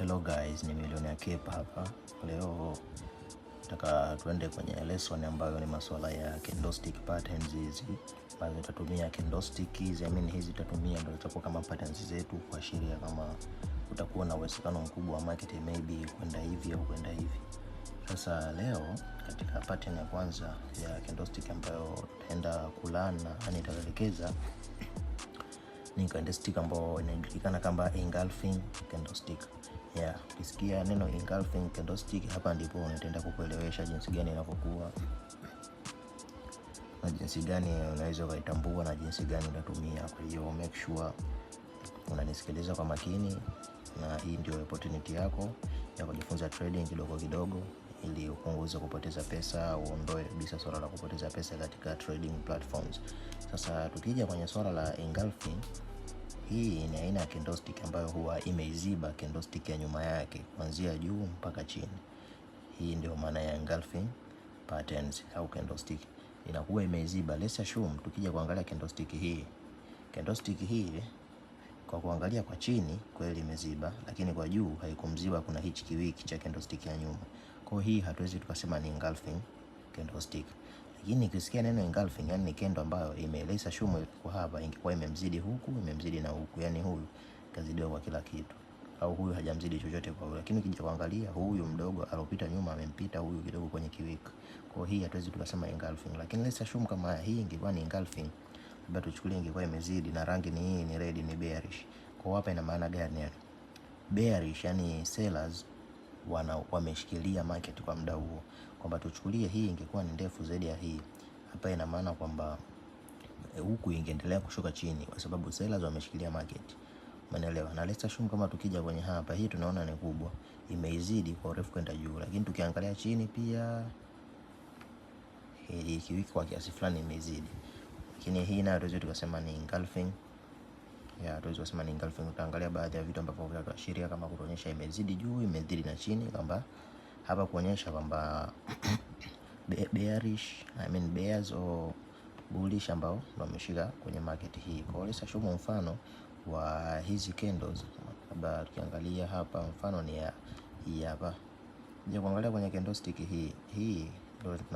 Hello guys, ni Millionaire Cape hapa. Leo nataka tuende kwenye lesson ambayo ni masuala ya candlestick patterns hizi. Basi tutatumia candlestick hizi, I mean hizi tutatumia ndio zitakuwa kama patterns zetu kuashiria kama utakuwa na uwezekano mkubwa wa market maybe kwenda hivi au kwenda hivi. Sasa leo katika pattern ya kwanza ya candlestick ambayo tutaenda kulana, yani tutaelekeza ni candlestick ambao inajulikana kama engulfing candlestick. Yeah, ukisikia neno engulfing candlestick, hapa ndipo nitaenda kukuelewesha jinsi gani inavyokuwa na jinsi gani unaweza ukaitambua na jinsi gani unatumia. Kwa hiyo make sure unanisikiliza kwa makini, na hii ndio opportunity yako ya kujifunza trading kidogo kidogo, ili upunguze kupoteza pesa, uondoe kabisa swala la kupoteza pesa katika trading platforms. Sasa tukija kwenye swala la engulfing hii ni aina ya candlestick ambayo huwa imeiziba candlestick ya nyuma yake kuanzia juu mpaka chini. Hii ndio maana ya engulfing patterns au candlestick inakuwa imeiziba. Let's assume tukija kuangalia candlestick hii, candlestick hii kwa kuangalia kwa chini kweli imeziba, lakini kwa juu haikumziba. Kuna hichi kiwiki cha candlestick ya nyuma, kwa hii hatuwezi tukasema ni engulfing candlestick. Lakini nikisikia neno engulfing, yani ni kendo ambayo imeeleza shumu kwa hapa, ingekuwa imemzidi huku, imemzidi na huku, yani huyu kazidiwa kwa kila kitu, au huyu hajamzidi chochote kwa huyu. Lakini ukija kuangalia huyu mdogo alopita nyuma amempita huyu kidogo kwenye kiwiko, kwa hii hatuwezi tukasema engulfing. Lakini lesa Shumwe kama hii ingekuwa ni engulfing, labda tuchukulie ingekuwa imezidi na rangi ni hii, ni red, ni bearish. Kwa hapa ina maana gani? Yani bearish, yani sellers wana wameshikilia market kwa muda huo, kwamba tuchukulie hii ingekuwa ni ndefu zaidi ya hii hapa, ina maana kwamba e, huku ingeendelea kushuka chini, kwa sababu sellers wameshikilia market. Umeelewa? Na let's assume kama tukija kwenye hapa, hii tunaona ni kubwa, imeizidi kwa urefu kwenda juu, lakini tukiangalia chini pia hii ikiwiki kwa kiasi fulani imezidi, lakini hii nayo tuweze tukasema ni engulfing ya tuwezi kusema ni engulfing. Tutaangalia baadhi ya vitu ambavyo vinatuashiria kama kutuonyesha imezidi juu, imezidi na chini, kwamba hapa kuonyesha kwamba bearish, I mean bears or bullish ambao ndio wameshika kwenye market hii. Kwa hiyo let's mfano wa hizi candles, labda tukiangalia hapa mfano ni ya hii hapa. Je, kuangalia kwenye candlestick hii hii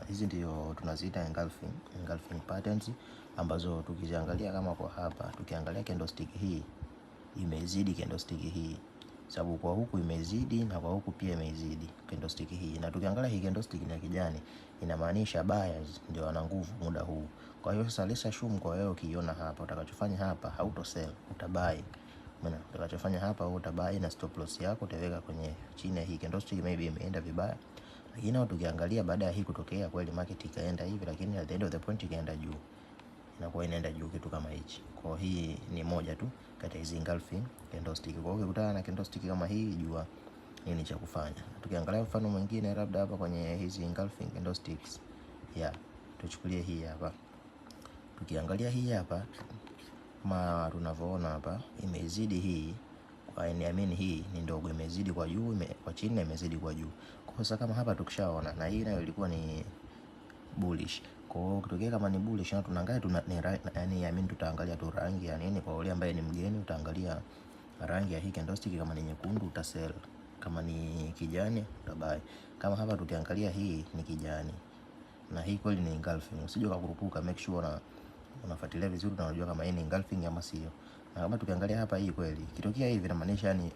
hizi ndio tunaziita engulfing, engulfing patterns ambazo tukiziangalia kama kwa hapa, tukiangalia candlestick hii imezidi candlestick hii sababu kwa huku imezidi na kwa huku pia imezidi candlestick hii, na tukiangalia hii candlestick ni ya kijani, inamaanisha buyers ndio wana nguvu muda huu. Kwa hiyo sasa, lesa assume kwa wewe ukiona hapa, utakachofanya hapa hauto sell, utabuy. Maana utakachofanya hapa wewe utabuy, na stop loss yako utaweka kwenye chini ya hii candlestick, maybe imeenda vibaya lakini tukiangalia baada ya hii kutokea, kweli market ikaenda hivi, lakini at the end of the point ikaenda juu, inakuwa inaenda juu kitu kama hichi. Kwa hii ni moja tu kati ya hizi engulfing candlestick. Kwa hiyo ukikutana na candlestick kama hii, jua nini cha kufanya. Tukiangalia mfano mwingine labda hapa kwenye hizi engulfing candlesticks, yeah, tuchukulie hii hapa. Tukiangalia hii hapa kama tunavyoona hapa, imezidi hii I hii ni ndogo, imezidi kwa juu ime, kwa chini na imezidi kwa juu. Kwa sasa kama hapa tukishaona, na hii nayo ilikuwa ni bullish. Kwa hiyo kitokea kama ni bullish na tunaangalia tuna, ni, right, yani I yaani tutaangalia tu rangi ya nini. Kwa yule ambaye ni mgeni utaangalia rangi ya hii candlestick, kama ni nyekundu uta sell, kama ni kijani utabai. Kama hapa tukiangalia hii ni kijani na hii kweli ni engulfing, usije ukakurupuka. Make sure una unafuatilia vizuri na unajua kama hii ni engulfing ama sio. Kama ah, tukiangalia hapa hii kweli, kitokea hivi inamaanisha ni yaani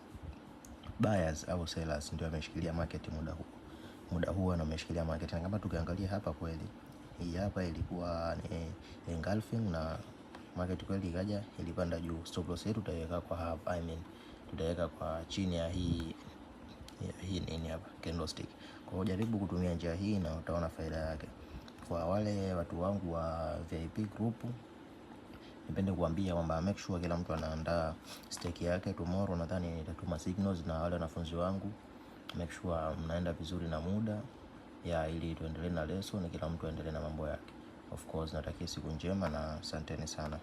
buyers au sellers ndio ameshikilia market muda huu. Muda huu na ameshikilia market. Na kama tukiangalia hapa kweli, hii hapa ilikuwa ni engulfing na market kweli ikaja ilipanda juu. Stop loss yetu tutaweka kwa hapa, I mean tutaweka kwa chini ya hii ya hii nini hapa candlestick. Kwa hiyo jaribu kutumia njia hii na utaona faida yake. Kwa wale watu wangu wa VIP group nipende kuambia kwamba make sure kila mtu anaandaa stake yake. Tomorrow nadhani nitatuma signals na wale wanafunzi wangu, make sure mnaenda vizuri na muda ya ili tuendelee na lesson, kila mtu aendelee na mambo yake. Of course natakia siku njema na asanteni sana.